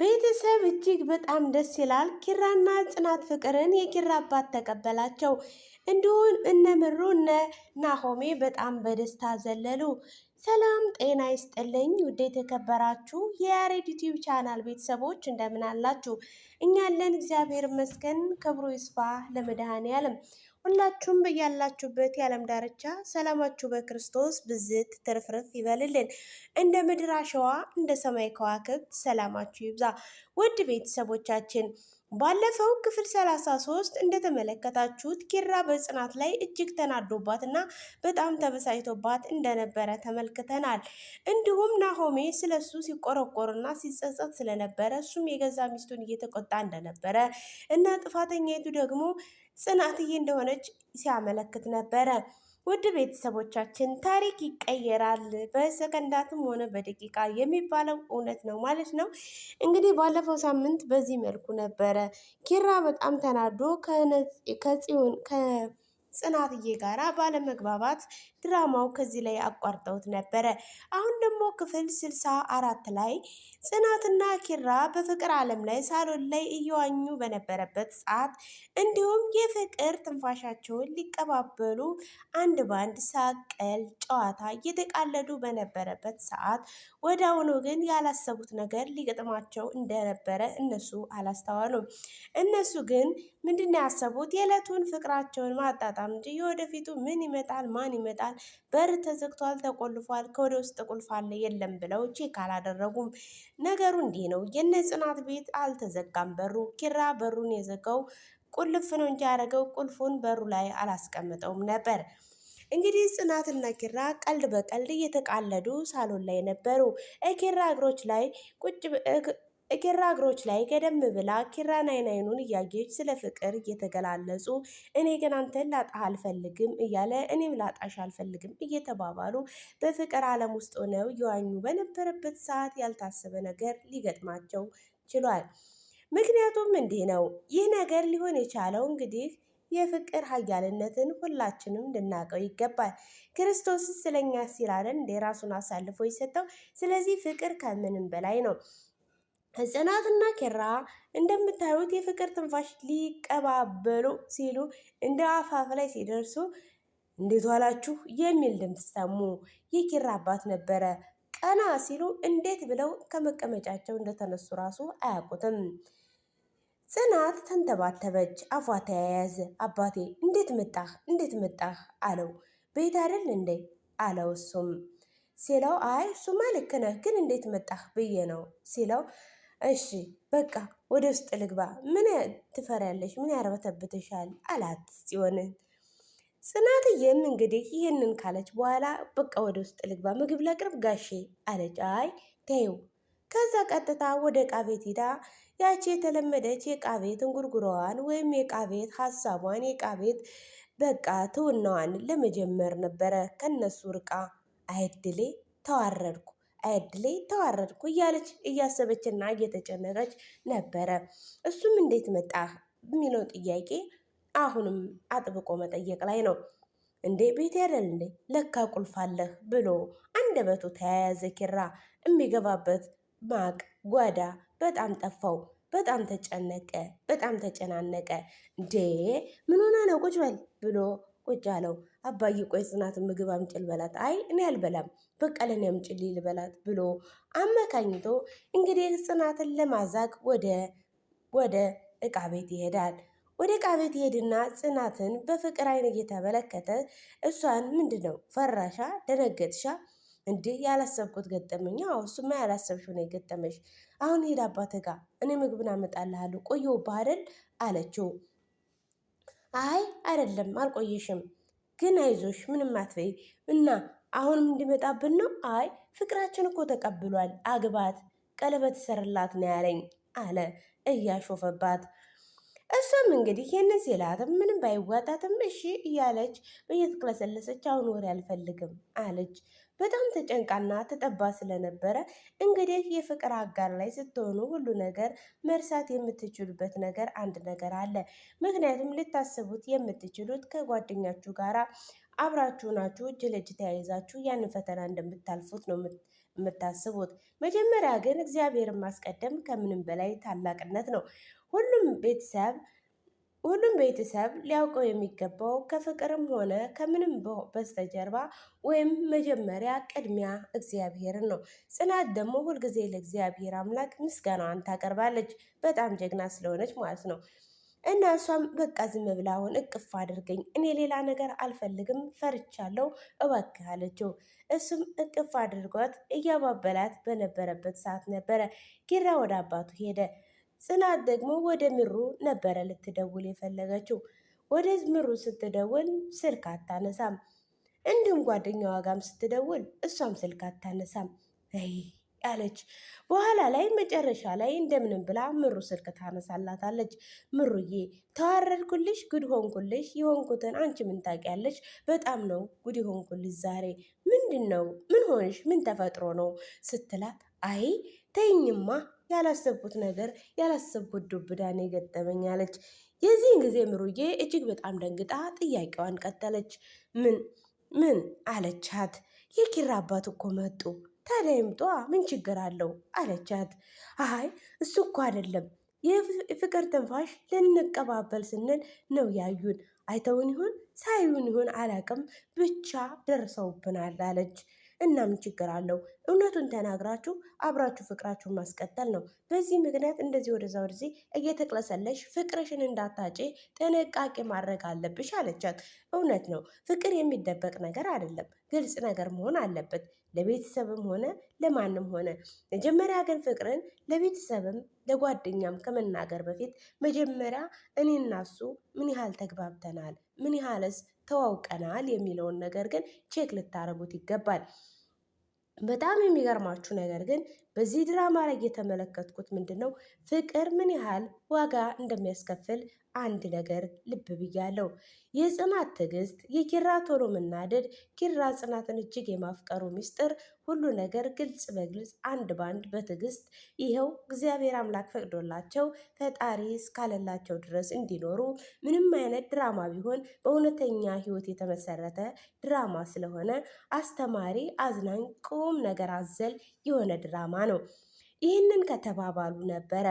ቤተሰብ እጅግ በጣም ደስ ይላል። ኪራና ጽናት ፍቅርን የኪራ አባት ተቀበላቸው። እንዲሁም እነ ምሩ እነ ናሆሜ በጣም በደስታ ዘለሉ። ሰላም ጤና ይስጥልኝ ውድ የተከበራችሁ የያሬድ ዩቲዩብ ቻናል ቤተሰቦች እንደምን አላችሁ? እኛለን እግዚአብሔር ይመስገን ክብሩ ይስፋ ለመድኃኔ ሁላችሁም በያላችሁበት የዓለም ዳርቻ ሰላማችሁ በክርስቶስ ብዝት ትርፍርፍ ይበልልን። እንደ ምድር አሸዋ እንደ ሰማይ ከዋክብት ሰላማችሁ ይብዛ። ውድ ቤተሰቦቻችን ባለፈው ክፍል 33 እንደተመለከታችሁት ኪራ በጽናት ላይ እጅግ ተናዶባት እና በጣም ተበሳጭቶባት እንደነበረ ተመልክተናል። እንዲሁም ናሆሜ ስለሱ ሲቆረቆርና ሲጸጸት ስለነበረ እሱም የገዛ ሚስቱን እየተቆጣ እንደነበረ እና ጥፋተኛይቱ ደግሞ ጽናትዬ እንደሆነች ሲያመለክት ነበረ። ውድ ቤተሰቦቻችን ታሪክ ይቀየራል በሰከንዳትም ሆነ በደቂቃ የሚባለው እውነት ነው ማለት ነው። እንግዲህ ባለፈው ሳምንት በዚህ መልኩ ነበረ ኪራ በጣም ተናዶ ከጽናትዬ ጋራ ባለመግባባት ድራማው ከዚህ ላይ አቋርጠውት ነበረ። አሁን ደግሞ ክፍል ስልሳ አራት ላይ ጽናትና ኪራ በፍቅር ዓለም ላይ ሳሎን ላይ እየዋኙ በነበረበት ሰዓት እንዲሁም የፍቅር ትንፋሻቸውን ሊቀባበሉ አንድ ባንድ ሳቀል ጨዋታ እየተቃለዱ በነበረበት ሰዓት ወዲያውኑ ግን ያላሰቡት ነገር ሊገጥማቸው እንደነበረ እነሱ አላስተዋሉም። እነሱ ግን ምንድን ያሰቡት የዕለቱን ፍቅራቸውን ማጣጣም እንጂ የወደፊቱ ምን ይመጣል ማን ይመጣል ይጠይቃል። በር ተዘግቷል፣ ተቆልፏል፣ ከወደ ውስጥ ቁልፍ አለ የለም ብለው ቼክ አላደረጉም። ነገሩ እንዲህ ነው። የነ ጽናት ቤት አልተዘጋም በሩ። ኪራ በሩን የዘጋው ቁልፍ ነው እንጂ ያደረገው ቁልፉን በሩ ላይ አላስቀምጠውም ነበር። እንግዲህ ጽናትና ኪራ ቀልድ በቀልድ እየተቃለዱ ሳሎን ላይ ነበሩ። ኪራ እግሮች ላይ ቁጭ እግራ እግሮች ላይ ቀደም ብላ ኪራ ናይን አይኑን እያየች ስለ ፍቅር እየተገላለጹ እኔ ግን አንተን ላጣህ አልፈልግም እያለ እኔም ላጣሽ አልፈልግም እየተባባሉ በፍቅር ዓለም ውስጥ ሆነው እየዋኙ በነበረበት ሰዓት ያልታሰበ ነገር ሊገጥማቸው ችሏል። ምክንያቱም እንዲህ ነው። ይህ ነገር ሊሆን የቻለው እንግዲህ የፍቅር ኃያልነትን ሁላችንም ልናውቀው ይገባል። ክርስቶስ ስለኛ ሲላለን እንደ ራሱን አሳልፎ የሰጠው። ስለዚህ ፍቅር ከምንም በላይ ነው። ጽናትና ኪራ እንደምታዩት የፍቅር ትንፋሽ ሊቀባበሉ ሲሉ እንደ አፋፍ ላይ ሲደርሱ እንዴት ዋላችሁ የሚል ድምፅ ሰሙ። የኪራ አባት ነበረ። ቀና ሲሉ እንዴት ብለው ከመቀመጫቸው እንደተነሱ ራሱ አያውቁትም። ጽናት ተንተባተበች፣ አፏ ተያያዘ። አባቴ እንዴት መጣህ እንዴት መጣህ አለው። ቤት አይደል እንዴ አለው። እሱም ሲለው አይ እሱማ ልክ ነህ፣ ግን እንዴት መጣህ ብዬ ነው ሲለው እሺ በቃ ወደ ውስጥ ልግባ፣ ምን ትፈሪያለሽ? ምን ያርበተብትሻል? አላት ጽዮንን። ጽናትዬም እንግዲህ ይህንን ካለች በኋላ በቃ ወደ ውስጥ ልግባ፣ ምግብ ለቅርብ ጋሼ አለች። አይ ተይው። ከዛ ቀጥታ ወደ ዕቃ ቤት ሂዳ ያቺ የተለመደች የዕቃ ቤት እንጉርጉሮዋን ወይም የዕቃ ቤት ሀሳቧን የዕቃ ቤት በቃ ትውናዋን ለመጀመር ነበረ ከነሱ ርቃ አይድሌ ተዋረድኩ እድሌ ተዋረድኩ እያለች እያሰበችና እየተጨነቀች ነበረ። እሱም እንዴት መጣ የሚለው ጥያቄ አሁንም አጥብቆ መጠየቅ ላይ ነው። እንዴ ቤት ያደል እንዴ ለካ ቁልፍ አለህ ብሎ አንደበቱ ተያያዘ። ኪራ የሚገባበት ማቅ ጓዳ በጣም ጠፋው። በጣም ተጨነቀ። በጣም ተጨናነቀ። እንዴ ምን ነው ቁጭ በል ብሎ ቁጭ አለው። አባዬ ቆይ ጽናት ምግብ አምጪ ልበላት። አይ እኔ አልበላም በቃ ለእኔ አምጪልኝ ልበላት ብሎ አመካኝቶ እንግዲህ ጽናትን ለማዛቅ ወደ ወደ እቃ ቤት ይሄዳል። ወደ እቃ ቤት ይሄድና ጽናትን በፍቅር አይን እየተመለከተ እሷን ምንድን ነው ፈራሻ? ደነገጥሻ? እንዲህ ያላሰብኩት ገጠመኝ። አዎ እሱማ ያላሰብሽው ነው የገጠመሽ። አሁን ሄድ አባትህ ጋር እኔ ምግብን አመጣልሃለሁ ቆየሁብህ አይደል አለችው። አይ አይደለም አልቆየሽም፣ ግን አይዞሽ ምንም አትበይ እና አሁንም እንዲመጣብን ነው። አይ ፍቅራችን እኮ ተቀብሏል፣ አግባት፣ ቀለበት ሰርላት ነው ያለኝ አለ እያሾፈባት። እሷም እንግዲህ ይህንን ሲላትም ምንም ባይዋጣትም እሺ እያለች እየተቅለሰለሰች አሁን ወሬ አልፈልግም አለች። በጣም ተጨንቃና ተጠባ ስለነበረ እንግዲህ የፍቅር አጋር ላይ ስትሆኑ ሁሉ ነገር መርሳት የምትችሉበት ነገር አንድ ነገር አለ። ምክንያቱም ልታስቡት የምትችሉት ከጓደኛችሁ ጋር አብራችሁ ናችሁ እጅ ለእጅ ተያይዛችሁ ያንን ፈተና እንደምታልፉት ነው የምታስቡት። መጀመሪያ ግን እግዚአብሔርን ማስቀደም ከምንም በላይ ታላቅነት ነው። ሁሉም ቤተሰብ ሁሉም ቤተሰብ ሊያውቀው የሚገባው ከፍቅርም ሆነ ከምንም በስተጀርባ ወይም መጀመሪያ ቅድሚያ እግዚአብሔርን ነው። ጽናት ደግሞ ሁልጊዜ ለእግዚአብሔር አምላክ ምስጋናዋን ታቀርባለች። በጣም ጀግና ስለሆነች ማለት ነው። እና እሷም በቃ ዝም ብላ አሁን እቅፍ አድርገኝ፣ እኔ ሌላ ነገር አልፈልግም፣ ፈርቻለሁ፣ እባክህ አለችው። እሱም እቅፍ አድርጓት እያባበላት በነበረበት ሰዓት ነበረ ጊራ ወደ አባቱ ሄደ። ጽናት ደግሞ ወደ ምሩ ነበረ ልትደውል የፈለገችው። ወደ ምሩ ስትደውል ስልክ አታነሳም። እንዲሁም ጓደኛዋ ጋም ስትደውል እሷም ስልክ አታነሳም። አይ አለች። በኋላ ላይ መጨረሻ ላይ እንደምንም ብላ ምሩ ስልክ ታነሳላታለች። ምሩዬ ተዋረድኩልሽ፣ ጉድ ሆንኩልሽ። የሆንኩትን አንቺ ምን ታውቂያለሽ? በጣም ነው ጉድ የሆንኩልሽ ዛሬ። ምንድን ነው? ምን ሆንሽ? ምን ተፈጥሮ ነው ስትላት አይ ተይኝማ ያላሰብኩት ነገር ያላሰብኩት ዱብዳ ነው የገጠመኝ አለች። የዚህን ጊዜ ምሩዬ እጅግ በጣም ደንግጣ ጥያቄዋን ቀጠለች። ምን ምን አለቻት። የኪራ አባት እኮ መጡ። ታዲያ ይምጧ፣ ምን ችግር አለው አለቻት። አይ እሱ እኮ አይደለም የፍቅር ትንፋሽ ልንቀባበል ስንል ነው ያዩን። አይተውን ይሆን ሳይዩን ይሁን አላቅም፣ ብቻ ደርሰውብናል አለች። እና ምን ችግር አለው? እውነቱን ተናግራችሁ አብራችሁ ፍቅራችሁን ማስቀጠል ነው። በዚህ ምክንያት እንደዚህ ወደዛ ወደዚህ እየተቅለሰለሽ ፍቅርሽን እንዳታጪ ጥንቃቄ ማድረግ አለብሽ አለቻት። እውነት ነው፣ ፍቅር የሚደበቅ ነገር አይደለም፣ ግልጽ ነገር መሆን አለበት ለቤተሰብም ሆነ ለማንም ሆነ። መጀመሪያ ግን ፍቅርን ለቤተሰብም ለጓደኛም ከመናገር በፊት መጀመሪያ እኔናሱ ምን ያህል ተግባብተናል፣ ምን ያህልስ ተዋውቀናል የሚለውን ነገር ግን ቼክ ልታረጉት ይገባል። በጣም የሚገርማችሁ ነገር ግን በዚህ ድራማ ላይ የተመለከትኩት ምንድን ነው ፍቅር ምን ያህል ዋጋ እንደሚያስከፍል አንድ ነገር ልብ ብያለሁ። የጽናት ትዕግስት፣ የኪራ ቶሎ መናደድ፣ ኪራ ጽናትን እጅግ የማፍቀሩ ሚስጥር፣ ሁሉ ነገር ግልጽ በግልጽ አንድ ባንድ በትዕግስት ይኸው እግዚአብሔር አምላክ ፈቅዶላቸው ፈጣሪ እስካለላቸው ድረስ እንዲኖሩ ምንም አይነት ድራማ ቢሆን በእውነተኛ ሕይወት የተመሰረተ ድራማ ስለሆነ አስተማሪ፣ አዝናኝ፣ ቁም ነገር አዘል የሆነ ድራማ ነው። ይህንን ከተባባሉ ነበረ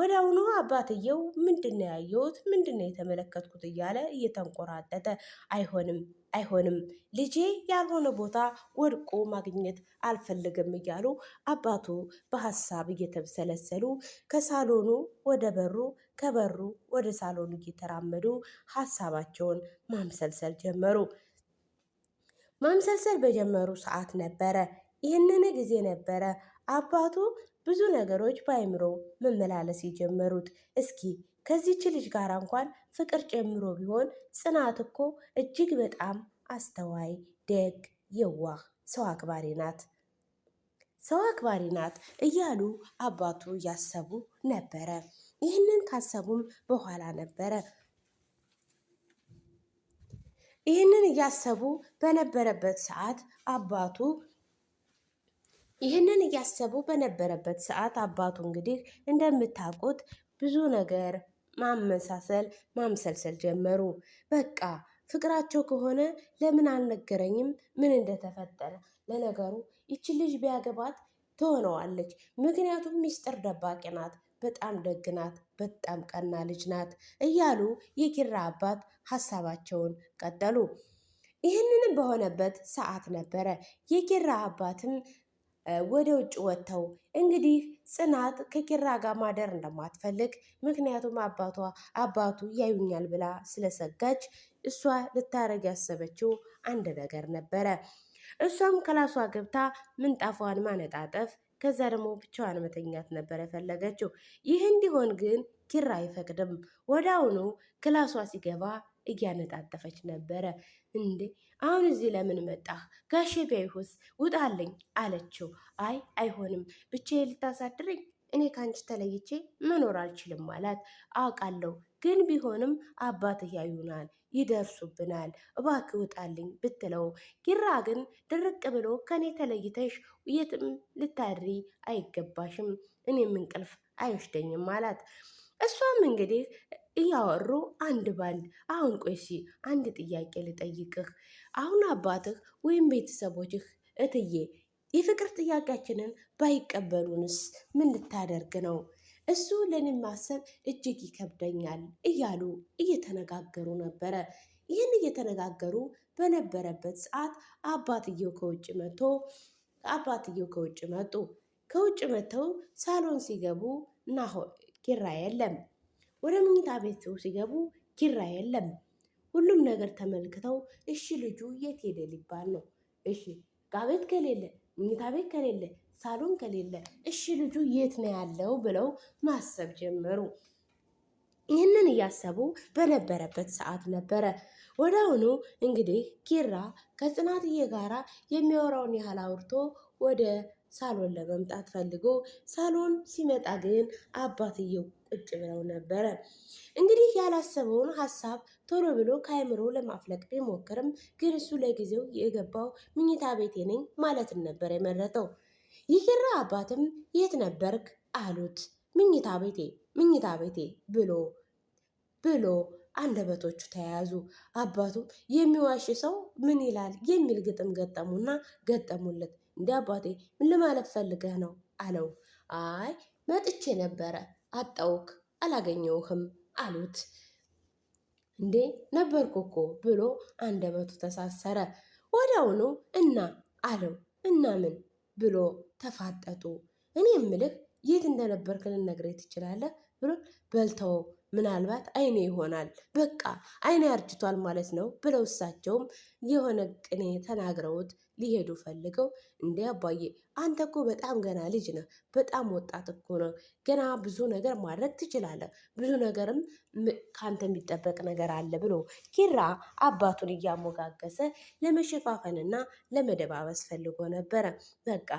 ወደ አሁኑ አባትየው ምንድን ነው ያየሁት፣ ምንድን ነው የተመለከትኩት እያለ እየተንቆራጠጠ አይሆንም፣ አይሆንም ልጄ ያልሆነ ቦታ ወድቆ ማግኘት አልፈልግም እያሉ አባቱ በሀሳብ እየተብሰለሰሉ ከሳሎኑ ወደ በሩ፣ ከበሩ ወደ ሳሎኑ እየተራመዱ ሀሳባቸውን ማምሰልሰል ጀመሩ። ማምሰልሰል በጀመሩ ሰዓት ነበረ ይህንን ጊዜ ነበረ አባቱ ብዙ ነገሮች በአይምሮ መመላለስ የጀመሩት። እስኪ ከዚች ልጅ ጋር እንኳን ፍቅር ጀምሮ ቢሆን ጽናት እኮ እጅግ በጣም አስተዋይ፣ ደግ፣ የዋህ፣ ሰው አክባሪ ናት ሰው አክባሪ ናት እያሉ አባቱ እያሰቡ ነበረ። ይህንን ካሰቡም በኋላ ነበረ ይህንን እያሰቡ በነበረበት ሰዓት አባቱ ይህንን እያሰቡ በነበረበት ሰዓት አባቱ እንግዲህ እንደምታውቁት ብዙ ነገር ማመሳሰል ማምሰልሰል ጀመሩ። በቃ ፍቅራቸው ከሆነ ለምን አልነገረኝም? ምን እንደተፈጠረ ለነገሩ ይቺ ልጅ ቢያገባት ትሆነዋለች። ምክንያቱም ሚስጥር ደባቂ ናት፣ በጣም ደግ ናት፣ በጣም ቀና ልጅ ናት እያሉ የኪራ አባት ሀሳባቸውን ቀጠሉ። ይህንንም በሆነበት ሰዓት ነበረ የኪራ አባትም ወደ ውጭ ወጥተው እንግዲህ ጽናት ከኪራ ጋር ማደር እንደማትፈልግ ምክንያቱም አባቷ አባቱ ያዩኛል ብላ ስለሰጋች እሷ ልታረግ ያሰበችው አንድ ነገር ነበረ። እሷም ከላሷ ገብታ ምንጣፏን ማነጣጠፍ ከዛ ደግሞ ብቻዋን መተኛት ነበር የፈለገችው። ይህ እንዲሆን ግን ኪራ አይፈቅድም። ወዳውኑ ክላሷ ሲገባ እያነጣጠፈች ነበረ። እንዴ አሁን እዚህ ለምን መጣህ? ጋሼ ቢያይሁስ ውጣልኝ አለችው። አይ አይሆንም፣ ብቻዬን ልታሳድረኝ እኔ ከአንቺ ተለይቼ መኖር አልችልም አላት። አውቃለሁ፣ ግን ቢሆንም አባት ያዩናል፣ ይደርሱብናል፣ እባክህ ውጣልኝ ብትለው ጊራ ግን ድርቅ ብሎ ከእኔ ተለይተሽ የትም ልታድሪ አይገባሽም፣ እኔም እንቅልፍ አይወስደኝም አላት። እሷም እንግዲህ እያወሩ አንድ ባንድ አሁን ቆይሺ አንድ ጥያቄ ልጠይቅህ። አሁን አባትህ ወይም ቤተሰቦችህ እትዬ የፍቅር ጥያቄያችንን ባይቀበሉንስ ምን ልታደርግ ነው? እሱ ለኔ ማሰብ እጅግ ይከብደኛል እያሉ እየተነጋገሩ ነበረ። ይህን እየተነጋገሩ በነበረበት ሰዓት አባትየው ከውጭ መጥቶ አባትየው ከውጭ መጡ። ከውጭ መጥተው ሳሎን ሲገቡ ናሆ ኪራ የለም። ወደ መኝታ ቤት ሲገቡ ኪራ የለም። ሁሉም ነገር ተመልክተው እሺ ልጁ የት ሄደ ሊባል ነው። እሺ ጋቤት ከሌለ መኝታ ቤት ከሌለ ሳሎን ከሌለ እሺ ልጁ የት ነው ያለው ብለው ማሰብ ጀመሩ። ይህንን እያሰቡ በነበረበት ሰዓት ነበረ ወዲያውኑ እንግዲህ ኪራ ከጽናትዬ ጋራ የሚያወራውን ያህል አውርቶ ወደ ሳሎን ለመምጣት ፈልጎ ሳሎን ሲመጣ ግን አባትየው ቁጭ ብለው ነበረ። እንግዲህ ያላሰበውን ሀሳብ ቶሎ ብሎ ከአይምሮ ለማፍለቅ ቢሞክርም ግን እሱ ለጊዜው የገባው ምኝታ ቤቴ ነኝ ማለትን ነበር የመረጠው። ይህራ አባትም የት ነበርክ አሉት። ምኝታ ቤቴ ምኝታ ቤቴ ብሎ ብሎ አንደበቶቹ ተያያዙ። አባቱ የሚዋሽ ሰው ምን ይላል የሚል ግጥም ገጠሙና ገጠሙለት። እንዲ አባቴ ምን ለማለት ፈልገህ ነው አለው። አይ መጥቼ ነበረ አጣውክ አላገኘውህም አሉት። እንዴ ነበርኩ እኮ ብሎ አንደበቱ ተሳሰረ። ወዲያውኑ እና አለው። እና ምን ብሎ ተፋጠጡ። እኔ ምልህ የት እንደነበርክ ልነግሬ ትችላለህ? ብሎ በልተው ምናልባት አይኔ ይሆናል በቃ አይኔ አርጅቷል ማለት ነው ብለው እሳቸውም የሆነ ቅኔ ተናግረውት ሊሄዱ ፈልገው እንዴ አባዬ አንተ እኮ በጣም ገና ልጅ ነህ፣ በጣም ወጣት እኮ ነው። ገና ብዙ ነገር ማድረግ ትችላለህ፣ ብዙ ነገርም ከአንተ የሚጠበቅ ነገር አለ ብሎ ኪራ አባቱን እያሞጋገሰ ለመሸፋፈንና ለመደባበስ ፈልጎ ነበረ። በቃ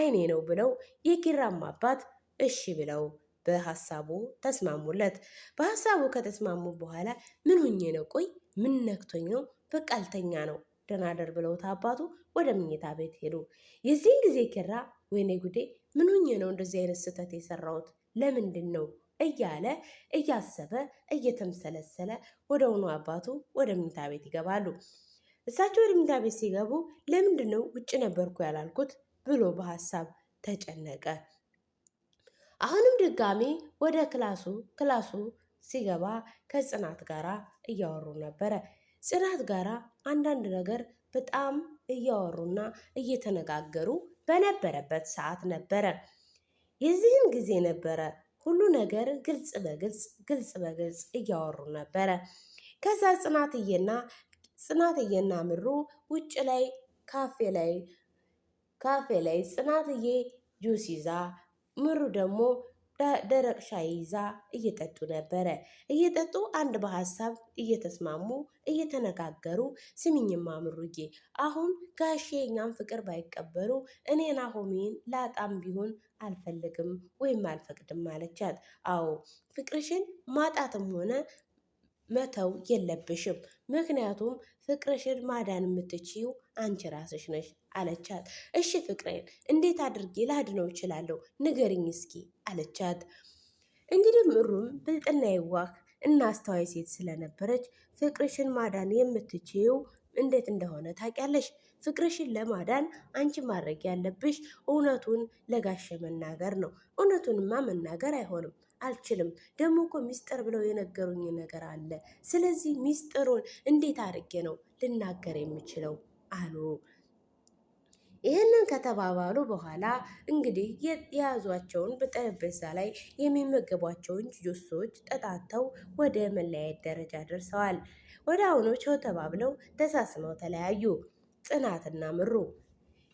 አይኔ ነው ብለው የኪራም አባት እሺ ብለው በሀሳቡ ተስማሙለት። በሀሳቡ ከተስማሙ በኋላ ምን ሁኜ ነው? ቆይ ምን ነክቶኝ ነው? በቃ አልተኛ ነው ደናደር ብለውት አባቱ ወደ ምኝታ ቤት ሄዱ። የዚህን ጊዜ ኪራ ወይኔ ጉዴ ምን ሁኜ ነው እንደዚህ አይነት ስህተት የሰራሁት ለምንድን ነው እያለ እያሰበ እየተምሰለሰለ ወደውኑ አባቱ ወደ ምኝታ ቤት ይገባሉ። እሳቸው ወደ ምኝታ ቤት ሲገቡ ለምንድን ነው ውጭ ነበርኩ ያላልኩት ብሎ በሀሳብ ተጨነቀ። አሁንም ድጋሚ ወደ ክላሱ ክላሱ ሲገባ ከጽናት ጋር እያወሩ ነበረ። ጽናት ጋር አንዳንድ ነገር በጣም እያወሩና እየተነጋገሩ በነበረበት ሰዓት ነበረ። የዚህን ጊዜ ነበረ ሁሉ ነገር ግልጽ በግልጽ ግልጽ በግልጽ እያወሩ ነበረ። ከዛ ጽናትዬና ጽናትዬና ምሩ ውጭ ላይ ካፌ ላይ ካፌ ላይ ጽናትዬ ጁስ ይዛ ምሩ ደግሞ ደረቅ ሻይ ይዛ እየጠጡ ነበረ። እየጠጡ አንድ በሀሳብ እየተስማሙ እየተነጋገሩ ስሚኝማ ምሩዬ፣ አሁን ጋሼ የኛን ፍቅር ባይቀበሉ እኔ ናሆሜን ላጣም ቢሆን አልፈልግም ወይም አልፈቅድም አለቻት። አዎ ፍቅርሽን ማጣትም ሆነ መተው የለብሽም። ምክንያቱም ፍቅርሽን ማዳን የምትችው አንቺ ራስሽ ነሽ አለቻት። እሺ ፍቅሬን እንዴት አድርጌ ላድነው እችላለሁ? ንገርኝ እስኪ አለቻት። እንግዲህ ምሩም ብልጥና የዋህ እና አስተዋይ ሴት ስለነበረች ፍቅርሽን ማዳን የምትችይው እንዴት እንደሆነ ታውቂያለሽ። ፍቅርሽን ለማዳን አንቺ ማድረግ ያለብሽ እውነቱን ለጋሸ መናገር ነው። እውነቱንማ መናገር አይሆንም፣ አልችልም። ደግሞ እኮ ሚስጥር ብለው የነገሩኝ ነገር አለ። ስለዚህ ሚስጥሩን እንዴት አድርጌ ነው ልናገር የምችለው አሉ። ይህንን ከተባባሉ በኋላ እንግዲህ የያዟቸውን በጠረጴዛ ላይ የሚመገቧቸውን ጁሶች ጠጣተው ወደ መለያየት ደረጃ ደርሰዋል። ወደ ቸው ተባብለው ተሳስመው ተለያዩ ጽናትና ምሩ።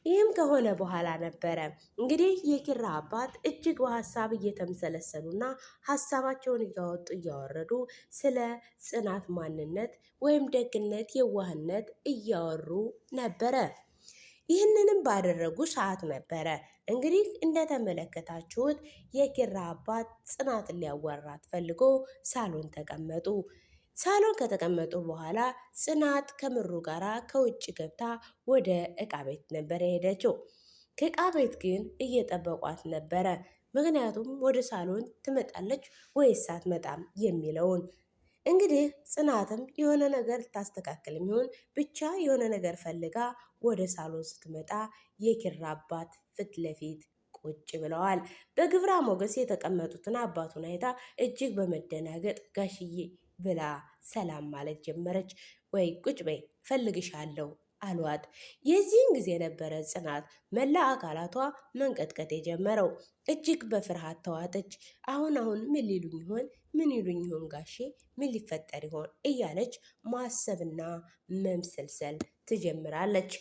ይህም ከሆነ በኋላ ነበረ እንግዲህ የኪራ አባት እጅግ በሀሳብ እየተምሰለሰሉና ሀሳባቸውን እያወጡ እያወረዱ ስለ ጽናት ማንነት ወይም ደግነት፣ የዋህነት እያወሩ ነበረ። ይህንንም ባደረጉ ሰዓት ነበረ እንግዲህ እንደተመለከታችሁት የኪራ አባት ጽናትን ሊያወራት ፈልጎ ሳሎን ተቀመጡ። ሳሎን ከተቀመጡ በኋላ ጽናት ከምሩ ጋራ ከውጭ ገብታ ወደ እቃ ቤት ነበር የሄደችው። ከእቃ ቤት ግን እየጠበቋት ነበረ። ምክንያቱም ወደ ሳሎን ትመጣለች ወይስ አትመጣም የሚለውን እንግዲህ ጽናትም የሆነ ነገር ልታስተካክል የሚሆን ብቻ የሆነ ነገር ፈልጋ ወደ ሳሎን ስትመጣ የኪራ አባት ፊት ለፊት ቁጭ ብለዋል። በግብራ ሞገስ የተቀመጡትን አባቱን አይታ እጅግ በመደናገጥ ጋሽዬ ብላ ሰላም ማለት ጀመረች። ወይ ቁጭ በይ ፈልግሻለሁ አሏት። የዚህን ጊዜ የነበረ ጽናት መላ አካላቷ መንቀጥቀጥ የጀመረው። እጅግ በፍርሃት ተዋጠች። አሁን አሁን ምን ሊሉኝ ይሆን? ምን ይሉኝ ይሆን? ጋሼ ምን ሊፈጠር ይሆን? እያለች ማሰብና መምሰልሰል ትጀምራለች።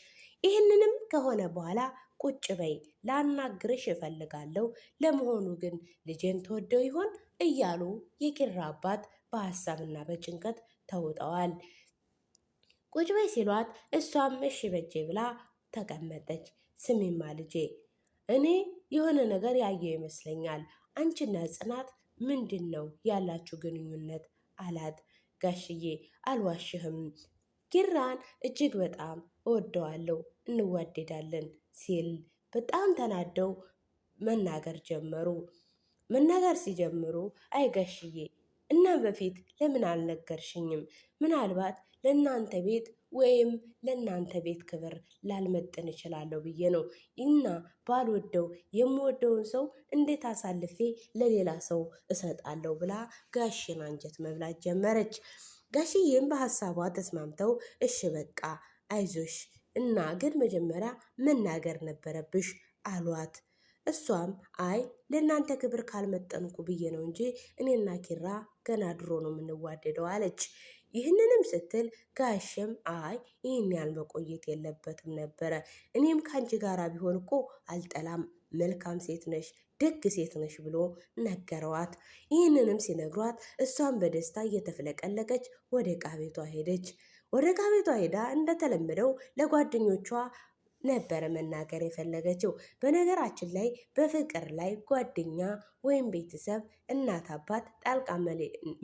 ይህንንም ከሆነ በኋላ ቁጭ በይ፣ ላናግርሽ እፈልጋለሁ። ለመሆኑ ግን ልጄን ተወደው ይሆን? እያሉ የኪራ አባት በሀሳብና በጭንቀት ተውጠዋል። ቁጭ በይ ሲሏት እሷም እሺ በጄ ብላ ተቀመጠች። ስሚማ ልጄ እኔ የሆነ ነገር ያየው ይመስለኛል። አንቺና ጽናት ምንድን ነው ያላችሁ ግንኙነት አላት። ጋሽዬ አልዋሽህም፣ ኪራን እጅግ በጣም እወደዋለሁ፣ እንዋደዳለን ሲል በጣም ተናደው መናገር ጀመሩ። መናገር ሲጀምሩ አይ ጋሽዬ እና በፊት ለምን አልነገርሽኝም? ምናልባት ለእናንተ ቤት ወይም ለእናንተ ቤት ክብር ላልመጥን እችላለሁ ብዬ ነው እና ባልወደው የምወደውን ሰው እንዴት አሳልፌ ለሌላ ሰው እሰጣለሁ ብላ ጋሽን አንጀት መብላት ጀመረች። ጋሽዬም በሀሳቧ ተስማምተው እሽ በቃ አይዞሽ እና ግን መጀመሪያ መናገር ነበረብሽ አሏት። እሷም አይ ለእናንተ ክብር ካልመጠንኩ ብዬ ነው እንጂ እኔና ኪራ ገና ድሮ ነው የምንዋደደው አለች። ይህንንም ስትል ጋሽም አይ ይህን ያህል መቆየት የለበትም ነበረ። እኔም ከአንቺ ጋር ቢሆን እኮ አልጠላም፣ መልካም ሴት ነሽ፣ ደግ ሴት ነሽ ብሎ ነገረዋት። ይህንንም ሲነግሯት እሷን በደስታ እየተፍለቀለቀች ወደ ዕቃ ቤቷ ሄደች። ወደ ዕቃ ቤቷ ሄዳ እንደተለመደው ለጓደኞቿ ነበረ መናገር የፈለገችው። በነገራችን ላይ በፍቅር ላይ ጓደኛ ወይም ቤተሰብ፣ እናት አባት ጣልቃ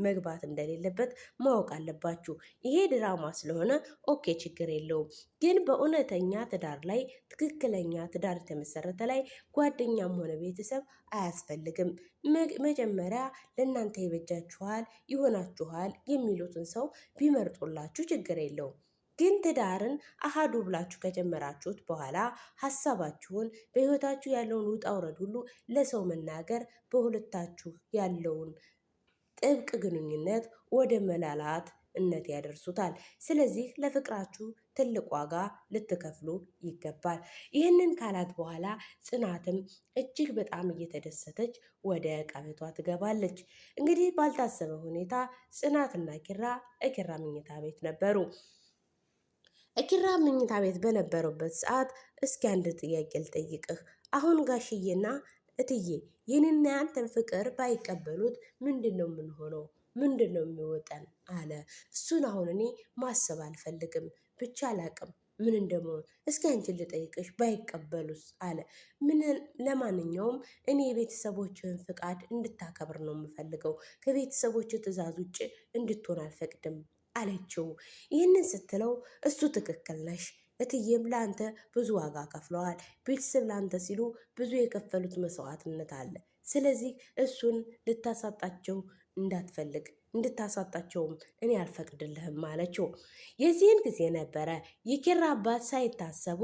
መግባት እንደሌለበት ማወቅ አለባችሁ። ይሄ ድራማ ስለሆነ ኦኬ ችግር የለውም። ግን በእውነተኛ ትዳር ላይ ትክክለኛ ትዳር የተመሰረተ ላይ ጓደኛም ሆነ ቤተሰብ አያስፈልግም። መጀመሪያ ለእናንተ ይበጃችኋል፣ ይሆናችኋል የሚሉትን ሰው ቢመርጡላችሁ ችግር የለውም። ግን ትዳርን አሃዱ ብላችሁ ከጀመራችሁት በኋላ ሀሳባችሁን በህይወታችሁ ያለውን ውጣ ውረድ ሁሉ ለሰው መናገር በሁለታችሁ ያለውን ጥብቅ ግንኙነት ወደ መላላትነት ያደርሱታል። ስለዚህ ለፍቅራችሁ ትልቅ ዋጋ ልትከፍሉ ይገባል። ይህንን ካላት በኋላ ጽናትም እጅግ በጣም እየተደሰተች ወደ ዕቃ ትገባለች። እንግዲህ ባልታሰበ ሁኔታ ጽናትና ኪራ እኪራ መኝታ ቤት ነበሩ። እኪራ መኝታ ቤት በነበረበት ሰዓት እስኪ አንድ ጥያቄ ልጠይቅህ። አሁን ጋሽዬና እትዬ የኔና ያንተን ፍቅር ባይቀበሉት ምንድን ነው የምንሆነው? ምንድን ነው የሚወጠን? አለ። እሱን አሁን እኔ ማሰብ አልፈልግም፣ ብቻ አላቅም ምን እንደመሆን እስኪ አንቺን ልጠይቅሽ ባይቀበሉስ? አለ። ምን ለማንኛውም እኔ የቤተሰቦችህን ፍቃድ እንድታከብር ነው የምፈልገው። ከቤተሰቦች ትዕዛዝ ውጭ እንድትሆን አልፈቅድም አለችው። ይህንን ስትለው እሱ ትክክል ነሽ እትዬም ለአንተ ብዙ ዋጋ ከፍለዋል። ቤተሰብ ለአንተ ሲሉ ብዙ የከፈሉት መስዋዕትነት አለ። ስለዚህ እሱን ልታሳጣቸው እንዳትፈልግ እንድታሳጣቸውም እኔ አልፈቅድልህም አለችው። የዚህን ጊዜ ነበረ የኪራ አባት ሳይታሰቡ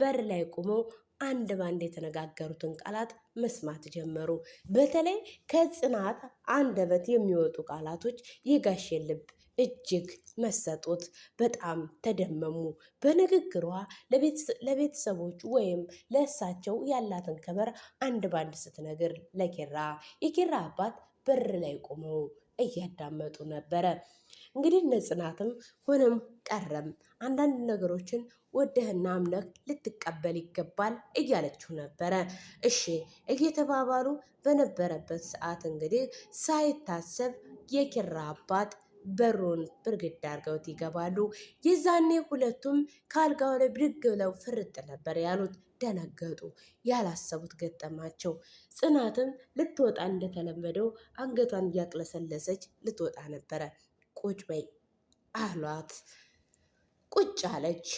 በር ላይ ቆመው አንድ ባንድ የተነጋገሩትን ቃላት መስማት ጀመሩ። በተለይ ከጽናት አንደበት የሚወጡ ቃላቶች የጋሼን ልብ እጅግ መሰጡት፣ በጣም ተደመሙ። በንግግሯ ለቤተሰቦች ወይም ለእሳቸው ያላትን ክብር አንድ ባንድ ስትነግር ለኪራ የኪራ አባት በር ላይ ቆመው እያዳመጡ ነበረ። እንግዲህ ነጽናትም ሆነም ቀረም አንዳንድ ነገሮችን ወደህና አምነህ ልትቀበል ይገባል እያለችው ነበረ። እሺ እየተባባሉ በነበረበት ሰዓት እንግዲህ ሳይታሰብ የኪራ አባት በሩን ብርግድ አድርገውት ይገባሉ። የዛኔ ሁለቱም ከአልጋው ላይ ብድግ ብለው ፍርጥ ነበር ያሉት። ደነገጡ። ያላሰቡት ገጠማቸው። ጽናትም ልትወጣ እንደተለመደው አንገቷን እያቅለሰለሰች ልትወጣ ነበረ። ቁጭ በይ አሏት። ቁጭ አለች።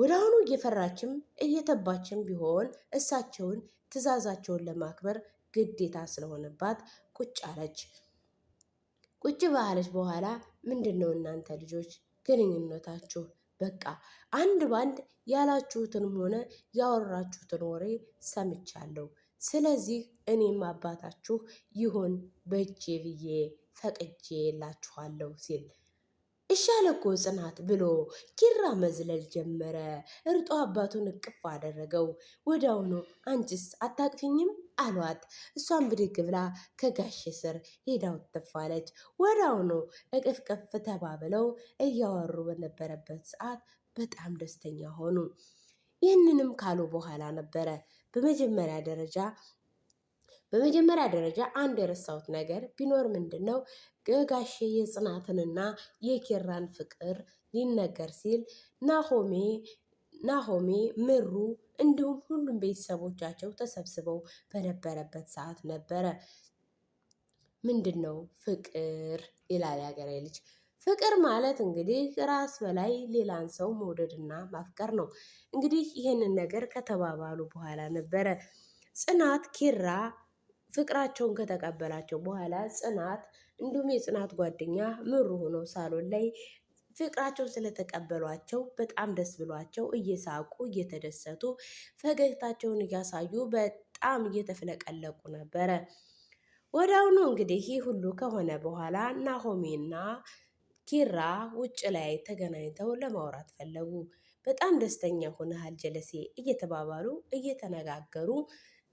ወደ አሁኑ እየፈራችም እየተባችም ቢሆን እሳቸውን ትዕዛዛቸውን ለማክበር ግዴታ ስለሆነባት ቁጭ አለች። ቁጭ ባለች በኋላ ምንድን ነው እናንተ ልጆች ግንኙነታችሁ? በቃ አንድ ባንድ ያላችሁትንም ሆነ ያወራችሁትን ወሬ ሰምቻለሁ። ስለዚህ እኔም አባታችሁ ይሆን በእጄ ብዬ ፈቅጄ የላችኋለሁ ሲል እሺ እኮ ጽናት ብሎ ኪራ መዝለል ጀመረ። እርጦ አባቱን እቅፍ አደረገው። ወዲያውኑ አንቺስ አታቅፊኝም አሏት። እሷን ብድግ ብላ ከጋሼ ስር ሄዳው ትፋለች። ወዳውኑ እቅፍቅፍ ተባብለው እያወሩ በነበረበት ሰዓት በጣም ደስተኛ ሆኑ። ይህንንም ካሉ በኋላ ነበረ በመጀመሪያ ደረጃ በመጀመሪያ ደረጃ አንድ የረሳሁት ነገር ቢኖር ምንድን ነው ጋሼ የጽናትንና የኪራን ፍቅር ሊነገር ሲል ናሆሜ ናሆሜ፣ ምሩ እንዲሁም ሁሉም ቤተሰቦቻቸው ተሰብስበው በነበረበት ሰዓት ነበረ። ምንድን ነው ፍቅር ይላል ያገሬ ልጅ። ፍቅር ማለት እንግዲህ ራስ በላይ ሌላን ሰው መውደድና ማፍቀር ነው። እንግዲህ ይህንን ነገር ከተባባሉ በኋላ ነበረ ጽናት ኪራ ፍቅራቸውን ከተቀበላቸው በኋላ ጽናት እንዲሁም የጽናት ጓደኛ ምሩ ሆነው ሳሎን ላይ ፍቅራቸውን ስለተቀበሏቸው በጣም ደስ ብሏቸው እየሳቁ እየተደሰቱ ፈገግታቸውን እያሳዩ በጣም እየተፍለቀለቁ ነበረ። ወዳውኑ እንግዲህ ይህ ሁሉ ከሆነ በኋላ ናሆሜና ኪራ ውጭ ላይ ተገናኝተው ለማውራት ፈለጉ። በጣም ደስተኛ ሆነሃል ጀለሴ እየተባባሉ እየተነጋገሩ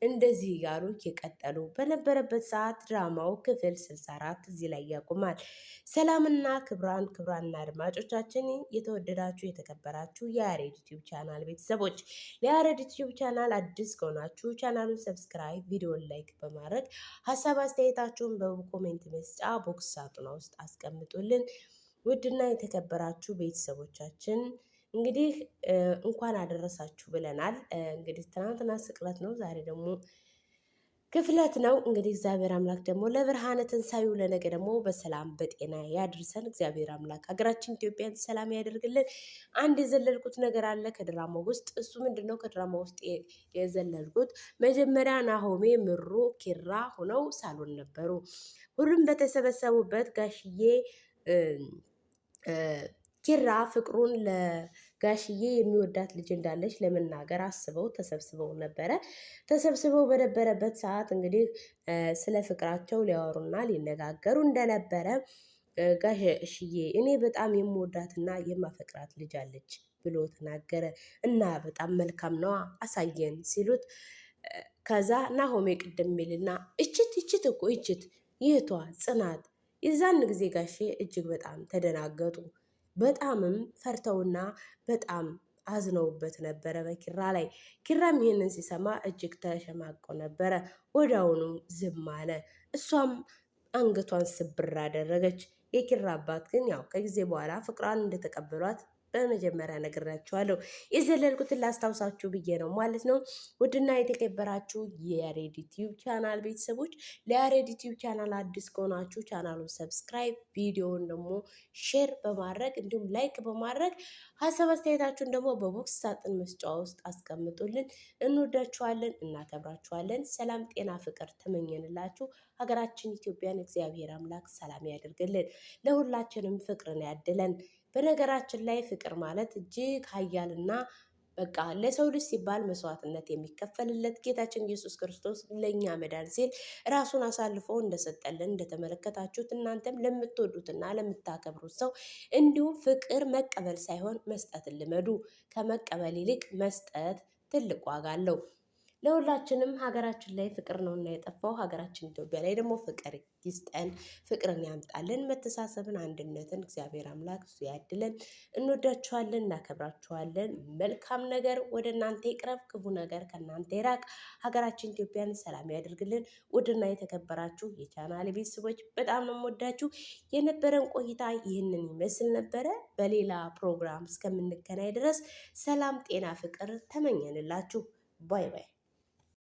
እንደዚህ እያሉ የቀጠሉ በነበረበት ሰዓት ድራማው ክፍል 64 እዚህ ላይ ያቆማል። ሰላምና ክብራን ክብራና አድማጮቻችን የተወደዳችሁ የተከበራችሁ የያሬድ ዩቲዩብ ቻናል ቤተሰቦች ለያሬድ ዩቲዩብ ቻናል አዲስ ከሆናችሁ ቻናሉን ሰብስክራይብ፣ ቪዲዮን ላይክ በማድረግ ሀሳብ አስተያየታችሁን በኮሜንት መስጫ ቦክስ ሳጥኗ ውስጥ አስቀምጡልን። ውድና የተከበራችሁ ቤተሰቦቻችን እንግዲህ እንኳን አደረሳችሁ ብለናል። እንግዲህ ትናንትና ስቅለት ነው፣ ዛሬ ደግሞ ክፍለት ነው። እንግዲህ እግዚአብሔር አምላክ ደግሞ ለብርሃነ ትንሣኤው ለነገ ደግሞ በሰላም በጤና ያድርሰን። እግዚአብሔር አምላክ ሀገራችን ኢትዮጵያን ሰላም ያደርግልን። አንድ የዘለልኩት ነገር አለ ከድራማ ውስጥ። እሱ ምንድን ነው? ከድራማ ውስጥ የዘለልኩት መጀመሪያ ናሆሜ፣ ምሩ፣ ኪራ ሆነው ሳሎን ነበሩ። ሁሉም በተሰበሰቡበት ጋሽዬ ኪራ ፍቅሩን ለጋሽዬ የሚወዳት ልጅ እንዳለች ለመናገር አስበው ተሰብስበው ነበረ። ተሰብስበው በነበረበት ሰዓት እንግዲህ ስለ ፍቅራቸው ሊያወሩና ሊነጋገሩ እንደነበረ ጋሽዬ እኔ በጣም የምወዳትና የማፈቅራት ልጅ አለች ብሎ ተናገረ እና በጣም መልካም ነዋ አሳየን ሲሉት ከዛ ናሆሜ ቅድም ሚልና እችት እችት እኮ እችት ይህቷ ጽናት የዛን ጊዜ ጋሼ እጅግ በጣም ተደናገጡ። በጣምም ፈርተውና በጣም አዝነውበት ነበረ በኪራ ላይ። ኪራም ይህንን ሲሰማ እጅግ ተሸማቆ ነበረ። ወዲያውኑም ዝም አለ። እሷም አንገቷን ስብር አደረገች። የኪራ አባት ግን ያው ከጊዜ በኋላ ፍቅሯን እንደተቀበሏት በመጀመሪያ ነግራችኋለሁ። የዘለልኩትን ላስታውሳችሁ ብዬ ነው ማለት ነው። ውድና የተከበራችሁ የያሬድ ዩቲዩብ ቻናል ቤተሰቦች፣ ለያሬድ ዩቲዩብ ቻናል አዲስ ከሆናችሁ ቻናሉን ሰብስክራይብ፣ ቪዲዮውን ደግሞ ሼር በማድረግ እንዲሁም ላይክ በማድረግ ሀሳብ አስተያየታችሁን ደግሞ በቦክስ ሳጥን መስጫ ውስጥ አስቀምጡልን። እንወዳችኋለን፣ እናከብራችኋለን። ሰላም፣ ጤና፣ ፍቅር ተመኘንላችሁ። ሀገራችን ኢትዮጵያን እግዚአብሔር አምላክ ሰላም ያደርግልን፣ ለሁላችንም ፍቅርን ያድለን። በነገራችን ላይ ፍቅር ማለት እጅግ ኃያልና በቃ ለሰው ልጅ ሲባል መስዋዕትነት የሚከፈልለት ጌታችን ኢየሱስ ክርስቶስ ለእኛ መዳን ሲል ራሱን አሳልፎ እንደሰጠልን እንደተመለከታችሁት እናንተም ለምትወዱትና ለምታከብሩት ሰው እንዲሁም ፍቅር መቀበል ሳይሆን መስጠትን ልመዱ። ከመቀበል ይልቅ መስጠት ትልቅ ዋጋ አለው። ለሁላችንም ሀገራችን ላይ ፍቅር ነው እና የጠፋው ሀገራችን ኢትዮጵያ ላይ ደግሞ ፍቅር ይስጠን፣ ፍቅርን ያምጣልን፣ መተሳሰብን፣ አንድነትን እግዚአብሔር አምላክ እሱ ያድለን። እንወዳችኋለን፣ እናከብራችኋለን። መልካም ነገር ወደ እናንተ ይቅረብ፣ ክፉ ነገር ከእናንተ ይራቅ። ሀገራችን ኢትዮጵያን ሰላም ያደርግልን። ውድና የተከበራችሁ የቻናል ቤተሰቦች በጣም ነው የምወዳችሁ። የነበረን ቆይታ ይህንን ይመስል ነበረ። በሌላ ፕሮግራም እስከምንገናኝ ድረስ ሰላም፣ ጤና፣ ፍቅር ተመኘንላችሁ። ባይ ባይ።